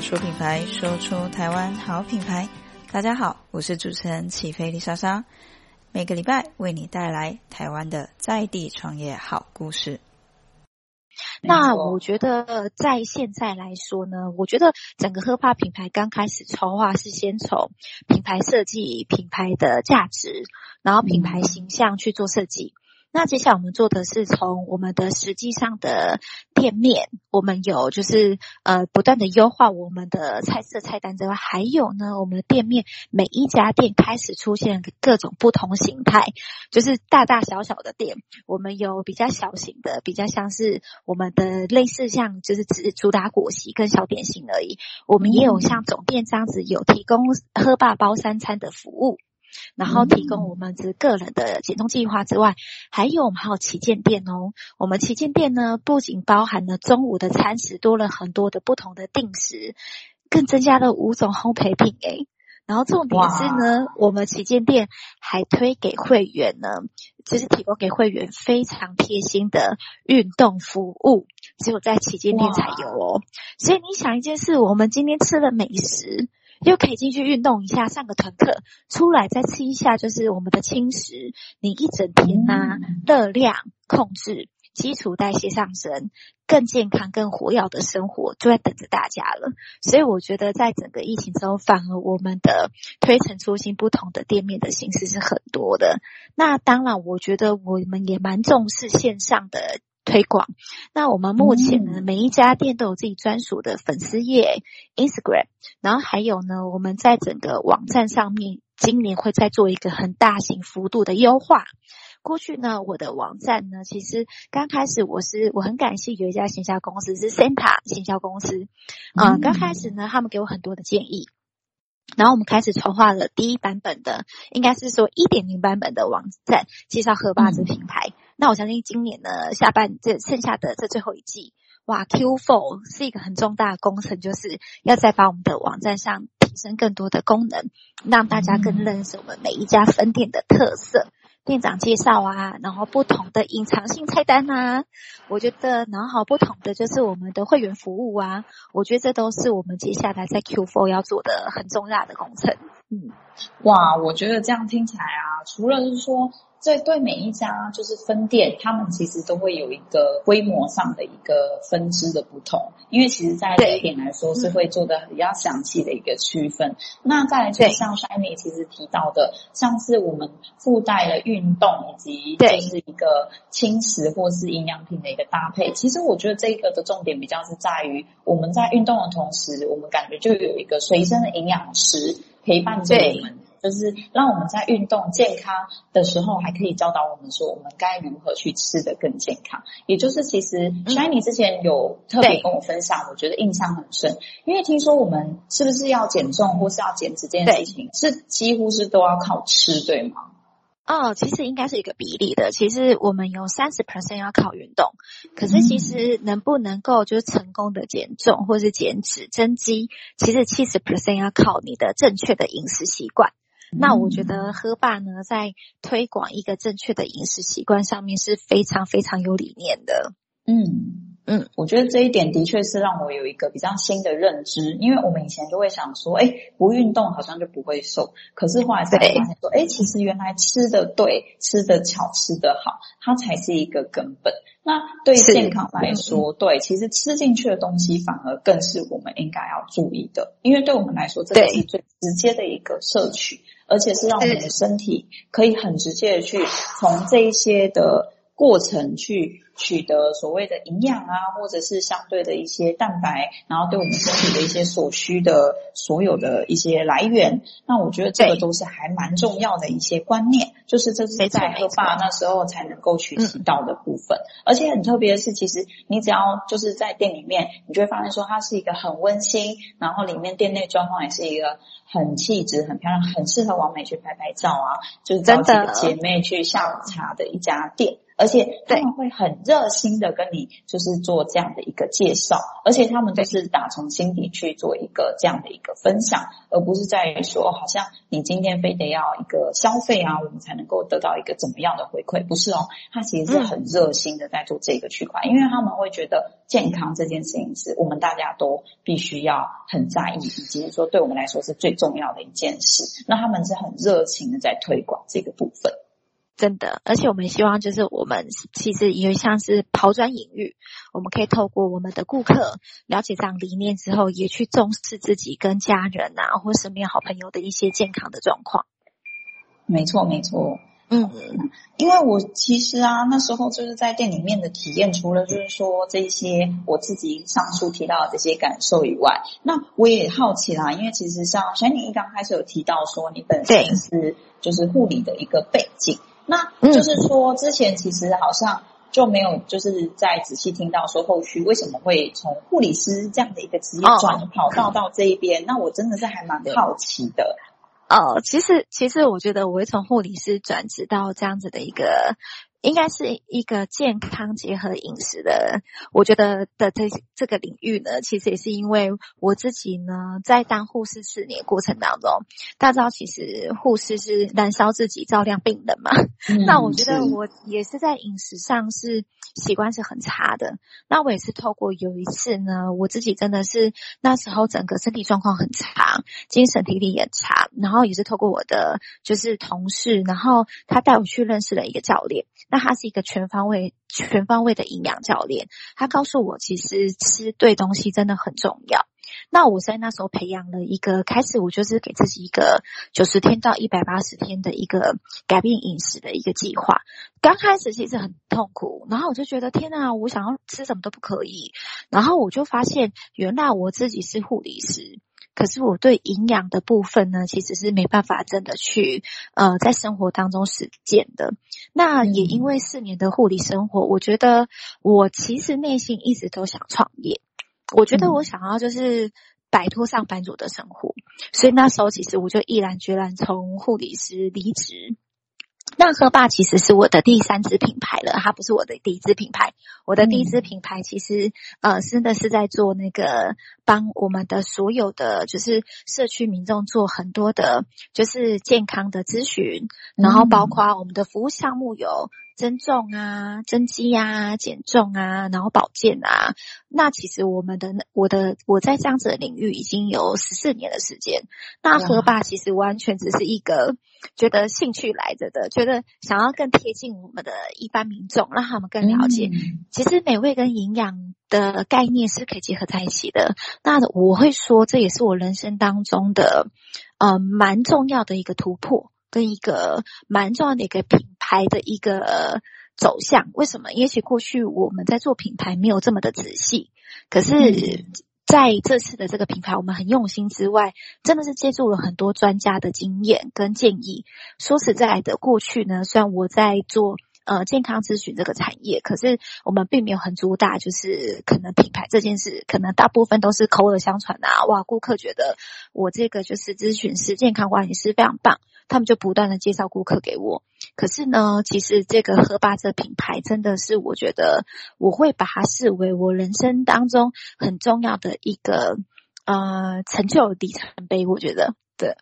說品牌，說出台灣好品牌。大家好，我是主持人起飛麗莎莎，每個禮拜為你帶來台灣的在地創業好故事。那我覺得在現在來說呢，我覺得整個喝吧品牌剛開始籌劃是先從品牌設計、品牌的價值，然後品牌形象去做設計。那接下來我們做的是從我們的實際上的店面，我們有就是呃不斷的優化我們的菜色菜單之外，還有呢，我們的店面每一家店開始出現各種不同形態，就是大大小小的店，我們有比較小型的，比較像是我們的類似像就是主主打果昔跟小點心而已，我們也有像總店這樣子有提供喝吧包三餐的服務。然後提供我們個人的減重計劃之外，嗯，還有我們還有旗艦店哦。我們旗艦店呢，不僅包含了中午的餐食，多了很多的不同的定食，更增加了五種烘焙品哎。然後重點是呢，我們旗艦店還推給會員呢，就是提供給會員非常貼心的運動服務，只有在旗艦店才有哦。所以你想一件事，我們今天吃了美食。又可以進去運動一下，上個團課，出來再吃一下，就是我們的輕食。你一整天啊，熱量控制，基礎代謝上升，更健康、更活躍的生活就在等着大家了。所以我覺得，在整個疫情之後，反而我們的推陳出新、不同的店面的形式是很多的。那當然，我覺得我們也蠻重視線上的。推廣，那我們目前呢、嗯，每一家店都有自己專屬的粉絲頁，Instagram，然後還有呢，我們在整個網站上面，今年會再做一個很大型幅度的優化。過去呢，我的網站呢，其實剛開始我是我很感謝有一家行銷公司是 Santa 行銷公司嗯，嗯，剛開始呢，他們給我很多的建議。然後我們開始籌劃了第一版本的，應該是說一點零版本的網站介紹 Her-Bar 這品牌。嗯。那我相信今年呢，下半這剩下的這最後一季，哇，Q Four 是一個很重大的工程，就是要再把我們的網站上提升更多的功能，讓大家更認識我們每一家分店的特色。嗯店長介紹啊，然後不同的隱藏性菜單啊，我覺得，然後好不同的就是我們的會員服務啊，我覺得這都是我們接下來在 Q Four 要做的很重大的工程。嗯，哇，我覺得這樣聽起來啊，除了就是說。這對，對每一家就是分店，他們其實都會有一個規模上的一個分支的不同，因為其實在這一點來說是會做的比較詳細的一個區分。那再來就是像 Shynie 其實提到的，像是我們附帶了運動以及就是一個輕食或是營養品的一個搭配。其實我覺得這個的重點比較是在於我們在運動的同時，我們感覺就有一個隨身的營養師陪伴着我們。就是讓我們在運動健康的時候，還可以教導我們說我們該如何去吃得更健康。也就是其實，Shynie 之前有特別跟我分享，我覺得印象很深。因為聽說我們是不是要減重或是要減脂這件事情，是幾乎是都要靠吃，對嗎？哦，其實應該是一個比例的。其實我們有三十 percent 要靠運動，可是其實能不能夠就是成功的減重或是減脂增肌，其實七十 percent 要靠你的正確的飲食習慣。那我覺得喝吧呢，在推廣一個正確的飲食習慣上面是非常非常有理念的。嗯嗯，我覺得這一點的確是讓我有一個比較新的認知，因為我們以前就會想說，哎，不運動好像就不會瘦，可是後來才發現說，哎，其實原來吃的對、吃的巧、吃的好，它才是一個根本。那對健康來說，對，其實吃進去的東西反而更是我們應該要注意的，因為對我們來說，這個是最直接的一個攝取。而且是讓我們的身體可以很直接的去從這一些的。過程去取得所謂的營養啊，或者是相對的一些蛋白，然後對我們身體的一些所需的所有的一些來源，那我覺得這個都是還蠻重要的一些觀念，就是這是在喝吧那時候才能夠學習到的部分、嗯。而且很特別的是，其實你只要就是在店裡面，你就會發現說它是一個很溫馨，然後裡面店內裝潢也是一個很氣質、很漂亮，很適合完美去拍拍照啊，就是找幾個姐妹去下午茶的一家店。而且他們會很熱心的跟你，就是做這樣的一個介紹，而且他們都是打從心底去做一個這樣的一個分享，而不是在於說好像你今天非得要一個消費啊，我們才能夠得到一個怎麼樣的回饋，不是哦？他其實是很熱心的在做這個區塊，因為他們會覺得健康這件事情是我們大家都必須要很在意，以及說對我們來說是最重要的一件事，那他們是很熱情的在推廣這個部分。真的，而且我們希望就是我們其實也像是拋磚引玉，我們可以透過我們的顧客了解這樣理念之後，也去重視自己跟家人啊，或身邊好朋友的一些健康的狀況。沒錯，沒錯，嗯，因為我其實啊，那時候就是在店裡面的體驗，除了就是說這一些我自己上述提到的這些感受以外，那我也好奇啦，因為其實像 Shynie 一剛開始有提到說，你本身是就是護理的一個背景。那就是說，之前其實好像就沒有，就是在仔細聽到說，後續為什麼會從護理師這樣的一個職業轉跑道到，到這一邊，哦，那我真的是還蠻好奇的。哦，其實其實我覺得我會從護理師轉職到這樣子的一個。應該是一個健康結合飲食的，我覺得的這這個領域呢，其實也是因為我自己呢，在當護士四年過程當中，大早其實護士是燃燒自己照亮病人嘛、嗯。那我覺得我也是在飲食上是習慣是很差的。那我也是透過有一次呢，我自己真的是那時候整個身體狀況很差，精神體力也差，然後也是透過我的就是同事，然後他帶我去認識了一個教練。那他是一個全方位、全方位的營養教練，他告訴我，其實吃對東西真的很重要。那我在那時候培養了一個，開始我就是給自己一個九十天到一百八十天的一個改變飲食的一個計劃。剛開始其實很痛苦，然後我就覺得天啊，我想要吃什麼都不可以。然後我就發現，原來我自己是護理師。可是我對營養的部分呢，其實是沒辦法真的去呃在生活當中實踐的。那也因為四年的護理生活，我覺得我其實內心一直都想創業。我覺得我想要就是擺脫上班族的生活，所以那時候其實我就毅然決然從護理師離職。那喝吧其實是我的第三支品牌了，它不是我的第一支品牌。我的第一支品牌其實，嗯、呃，真的是在做那個幫我們的所有的就是社區民眾做很多的就是健康的諮詢，然後包括我們的服務項目有。增重啊，增肌呀、啊，減重啊，然後保健啊。那其實我們的、我的、我在這樣子的領域已經有十四年的時間。那喝吧，其實完全只是一個覺得興趣來着的、哎，覺得想要更貼近我們的一般民眾，讓他們更了解、嗯。其實美味跟營養的概念是可以結合在一起的。那我會說，這也是我人生當中的，呃，蠻重要的一個突破，跟一個蠻重要的一個品。牌的一個走向，為什麼？也許過去我們在做品牌沒有這麼的仔細。可是在這次的這個品牌，我們很用心之外，真的是借助了很多專家的經驗跟建議。說實在的，過去呢，雖然我在做呃健康諮詢這個產業，可是我們並沒有很主打，就是可能品牌這件事，可能大部分都是口耳相傳啊。哇，顧客覺得我這個就是諮詢師、健康管理師非常棒，他們就不斷的介紹顧客給我。可是呢，其實這個喝吧這品牌真的是，我覺得我會把它視為我人生當中很重要的一個呃成就的里程碑。我覺得，對，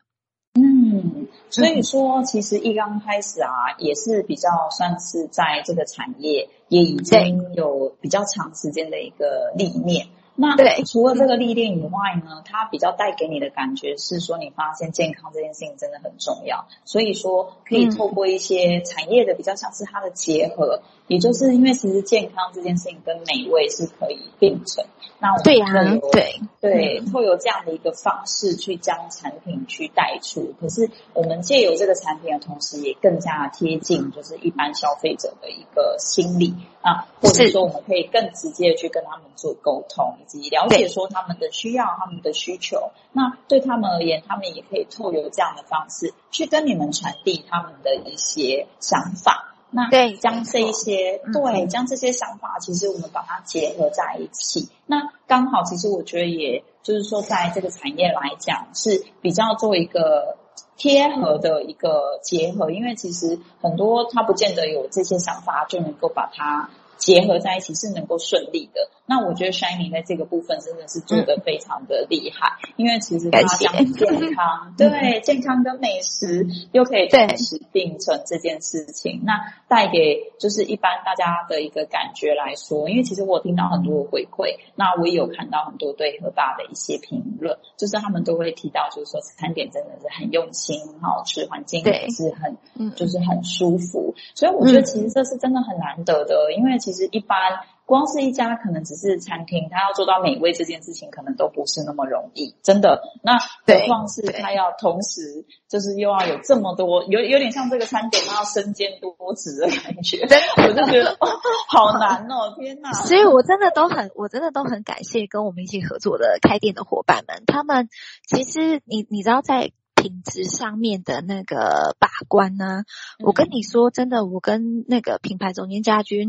嗯，所以說其實一剛開始啊、嗯，也是比較算是在這個產業也已經有比較長時間的一個歷練。那除了這個歷練以外呢、嗯，它比較帶給你的感覺是說，你發現健康這件事情真的很重要，所以說可以透過一些產業的、嗯、比較像是它的結合，也就是因為其實健康這件事情跟美味是可以並存。那我們有對對、啊、對，透過這樣的一個方式去將產品去帶出，可是我們借由這個產品的同時，也更加貼近就是一般消費者的一個心理、嗯、啊，或者說我們可以更直接的去跟他們做溝通，以及了解說他們的需要、他們的需求。那對他們而言，他們也可以透由這樣的方式去跟你們傳遞他們的一些想法。那對將這一些對、對將這些想法，其實我們把它結合在一起。那剛好，其實我覺得也，也就是說，在這個產業來講，是比較做一個貼合的一個結合，嗯。因為其實很多它不見得有這些想法就能夠把它結合在一起，是能夠順利的。那我覺得 Shynie 在這個部分真的是做得非常的厲害，嗯、因為其實它講健康，對、嗯、健康跟美食、嗯、又可以同時並存這件事情，那帶給就是一般大家的一個感覺來說，因為其實我聽到很多回饋，那我也有看到很多對 Her-Bar 的一些評論，就是他們都會提到，就是說餐點真的是很用心，很好吃，環境也是很就是很舒服，所以我覺得其實這是真的很難得的，嗯、因為其實一般。光是一家可能只是餐廳，他要做到美味這件事情，可能都不是那麼容易，真的。那何況是他要同時，就是又要有這麼多，有有點像這個餐點，他要身兼多職的感覺。 我就覺得，哦，好難哦， 天哪！所以我真的都很，我真的都很感謝跟我們一起合作的開店的伙伴們。他們其實你，你你知道，在品質上面的那個把關呢？我跟你說，真的，我跟那個品牌總監家軍。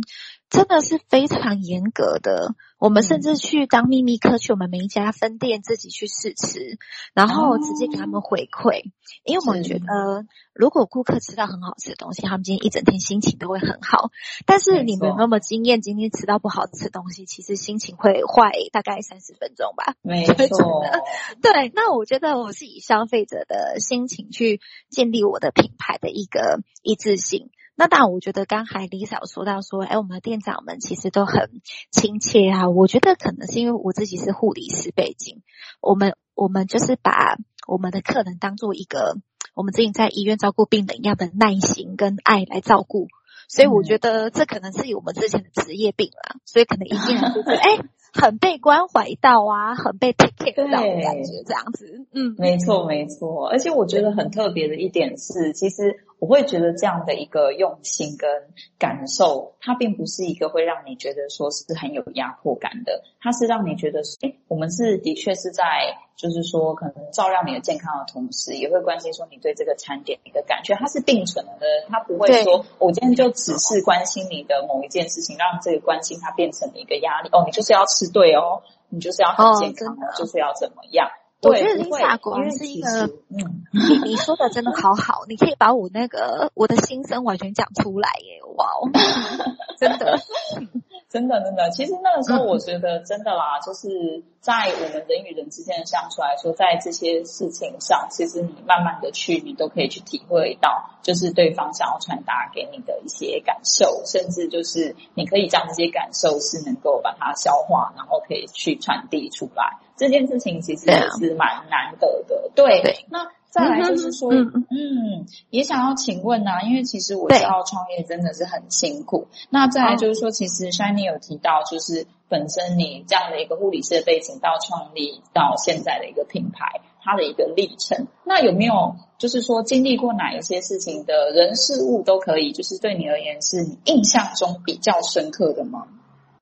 真的是非常嚴格的，我們甚至去當祕密客，去我們每一家分店自己去試吃，然後直接給他們回饋，哦、因為我們覺得，如果顧客吃到很好吃的東西，他們今天一整天心情都會很好。但是你沒有那麼驚豔，今天吃到不好吃的東西，其實心情會壞大概三十分鐘吧。沒錯的，對。那我覺得我是以消費者的心情去建立我的品牌的一個一致性。那當然，我覺得剛才李嫂說到說，哎，我們的店長們其實都很親切啊。我覺得可能是因為我自己是護理師背景，我們我們就是把我們的客人當做一個我們自己在醫院照顧病人一樣的耐心跟愛來照顧。所以我覺得這可能是以我們之前的職業病啦。嗯，所以可能一進來就，哎，很被關懷到啊，很被 take care 到的感覺，這樣子。嗯，沒錯沒錯。而且我覺得很特別的一點是，其實。我會覺得這樣的一個用心跟感受，它並不是一個會讓你覺得說是很有壓迫感的，它是讓你覺得說，哎、欸，我們是的確是在，就是說可能照料你的健康的同時，也會關心說你對這個餐點的一個感覺，它是並存的，它不會說、哦，我今天就只是關心你的某一件事情，讓這個關心它變成了一個壓力，哦，你就是要吃對哦，你就是要很健康，哦、就是要怎麼樣。我覺得 Lisa 果然是一個，是一個、嗯，你說的真的好好， 你可以把我那個我的心聲完全講出來耶，哇，哦， 真的。真的，真的，其實那個時候，我覺得真的啦，就是在我們人與人之間的相處來說，在這些事情上，其實你慢慢的去，你都可以去體會到，就是對方想要傳達給你的一些感受，甚至就是你可以將這些感受是能夠把它消化，然後可以去傳遞出來，這件事情其實也是蠻難得的。對，那。再來就是說嗯嗯，嗯，也想要請問呢、啊，因為其實我知道創業真的是很辛苦。那再來就是說，其實 Shynie 有提到，就是本身你這樣的一個護理師背景到創立到現在的一個品牌，它的一個歷程，那有沒有就是說經歷過哪一些事情的人事物都可以，就是對你而言是你印象中比較深刻的嗎？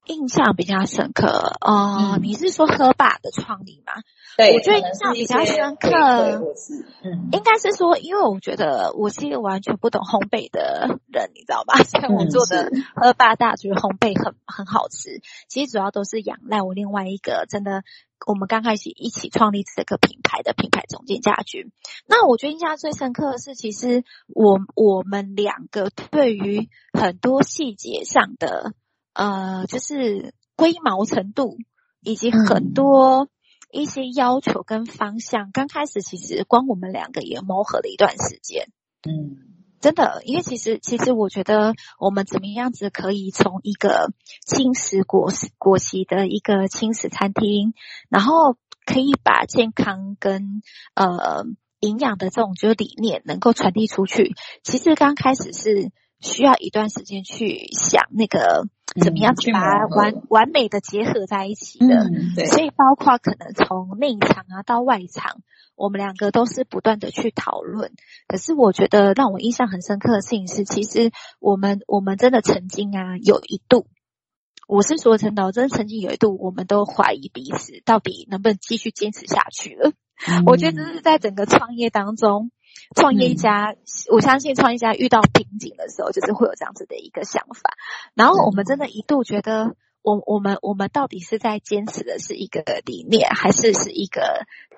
印象比較深刻哦、嗯，你是說喝吧的創立嗎？對我覺得印象比較深刻，嗯、應應該是說，因為我覺得我是一個完全不懂烘焙的人，你知道吧？嗯、像我做的喝吧大廚烘焙很很好吃，其實主要都是仰賴我另外一個真的，我們剛開始一起創立這個品牌的品牌總監家居。那我覺得印象最深刻的是，其實我我們兩個對於很多細節上的。呃，就是龜毛程度以及很多一些要求跟方向。嗯、剛開始其實光我們兩個也磨合了一段時間。嗯，真的，因為其實其實我覺得我們怎麼樣子可以從一個輕食果昔果昔的一個輕食餐廳，然後可以把健康跟呃營養的這種就是理念能夠傳遞出去。其實剛開始是需要一段時間去想那個。怎麼樣把完完美的結合在一起的？所以包括可能從內場啊到外場，我們兩個都是不斷的去討論。可是我覺得讓我印象很深刻的事情是，其實我們我們真的曾經啊，有一度，我是說陳導真的曾經有一度，我們都懷疑彼此到底能不能繼續堅持下去了。我覺得這是在整個創業當中，創業家、嗯，我相信創業家遇到瓶頸的時候，就是會有這樣子的一個想法。然後我們真的一度覺得我，我我們我們到底是在堅持的是一個理念，還是是一個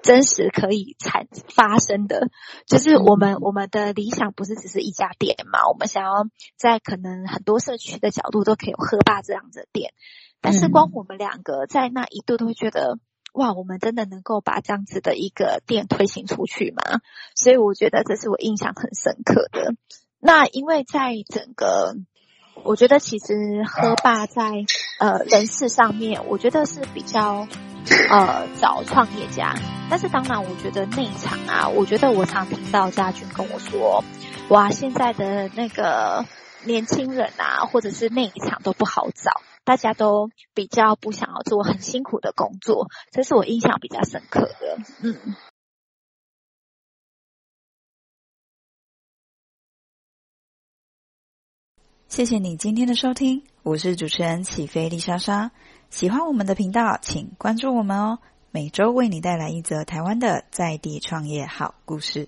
真實可以產發生的？就是我們我們的理想不是只是一家店嘛？我們想要在可能很多社區的角度都可以喝吧這樣子的店，但是光我們兩個在那一度都會覺得。哇，我們真的能夠把這樣子的一個店推行出去嗎？所以我覺得這是我印象很深刻的。那因為在整個，我覺得其實喝霸在呃人事上面，我覺得是比較呃找創業家。但是當然，我覺得那一場啊，我覺得我常聽到家軍跟我說，哇，現在的那個年輕人啊，或者是那一場都不好找。大家都比較不想要做很辛苦的工作，這是我印象比較深刻的。嗯，謝謝你今天的收聽，我是主持人起飛麗莎莎。喜歡我們的頻道，請關注我們哦，每周為你帶來一則台灣的在地創業好故事。